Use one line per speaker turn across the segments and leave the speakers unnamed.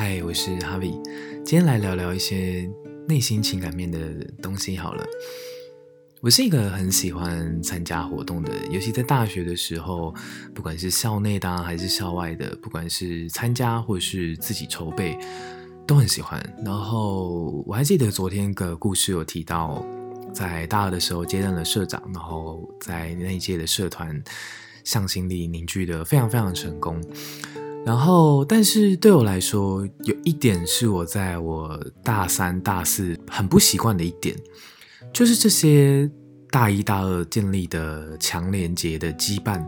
嗨，Hi, 我是 Harvie。今天來聊聊一些內心情感面的東西好了。我是一個很喜歡參加活動的人，尤其在大學的時候，不管是校內的還是校外的，不管是參加或是自己籌備，都很喜歡。然後我還記得昨天一個故事有提到，在大二的時候接任了社長，然後在那一屆的社團向心力凝聚得非常非常成功。然後，但是對我來說，有一點是我在我大三、大四很不習慣的一點，就是這些大一大二建立的強連結的羈絆，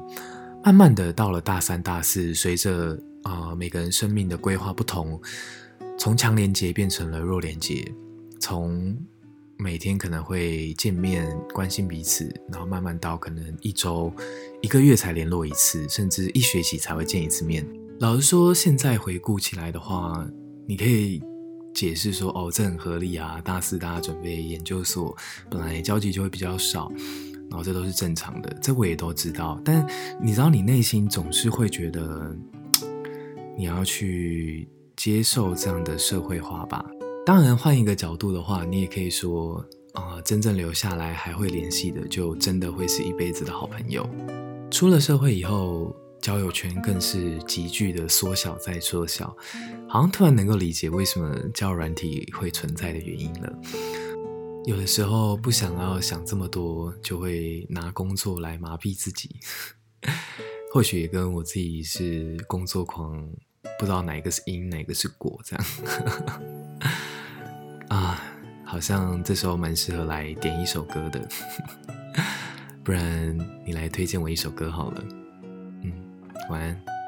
慢慢的到了大三、大四，隨着啊、呃、每個人生命的規劃不同，從強連結變成了弱連結，從每天可能會見面關心彼此，然後慢慢到可能一周、一個月才聯絡一次，甚至一學期才會見一次面。老實說，現在回顧起來的話，你可以解釋說哦，這很合理啊。大四大家準備研究所，本來交集就會比較少，然後這都是正常的，這我也都知道。但你知道，你內心總是會覺得你要去接受這樣的社會化吧？當然，換一個角度的話，你也可以說啊、呃，真正留下來還會聯繫的，就真的會是一輩子的好朋友。出了社會以後。交友圈更是急劇的縮小再縮小，好像突然能夠理解為什麼交友軟體會存在的原因了。有的時候不想要想這麼多，就會拿工作來麻痹自己。 或許也跟我自己是工作狂，不知道哪一個是因，哪個是果，這樣。 啊，好像這時候蠻適合來點一首歌的， 不然你來推薦我一首歌好了。晚安。